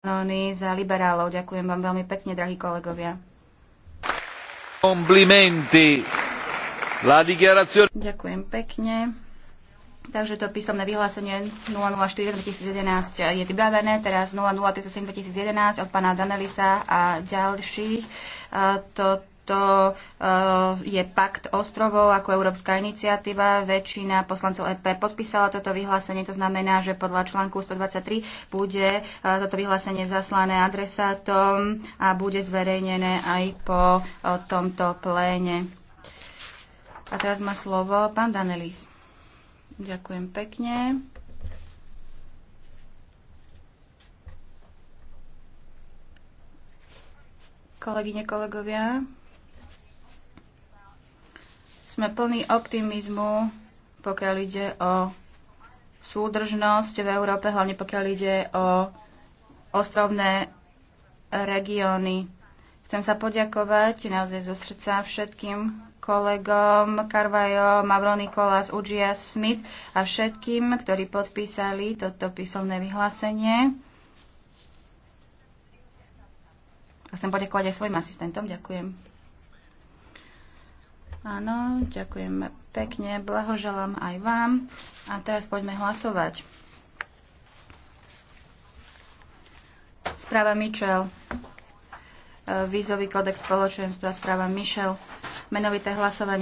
Zanoni za liberálov. Ďakujem vám veľmi pekne, drahí kolegovia. La dichiarazione... Ďakujem pekne. Takže to písomné vyhlásenie 004-2011 je vybavené, teraz 0037-2011 od pána Danelisa a ďalších. Toto to eh, je pakt ostrovov ako európska iniciatíva. Väčšina poslancov EP podpísala toto vyhlásenie. To znamená, že podľa článku 123 bude eh, toto vyhlásenie zaslané adresátom a bude zverejnené aj po eh, tomto pléne. A teraz má slovo pán Danelis. Ďakujem pekne. Kolegyne, kolegovia, sme plní optimizmu, pokiaľ ide o súdržnosť v Európe, hlavne pokiaľ ide o ostrovné regióny. Chcem sa poďakovať naozaj zo srdca všetkým kolegom Carvajo, Mavro Nikolás, Udžia Smith a všetkým, ktorí podpísali toto písomné vyhlásenie. A chcem poďakovať aj svojim asistentom. Ďakujem. Áno, ďakujem pekne, blahoželám aj vám. A teraz poďme hlasovať. Správa Michel. E, vízový kódex spoločenstva správa Michel. Menovité hlasovanie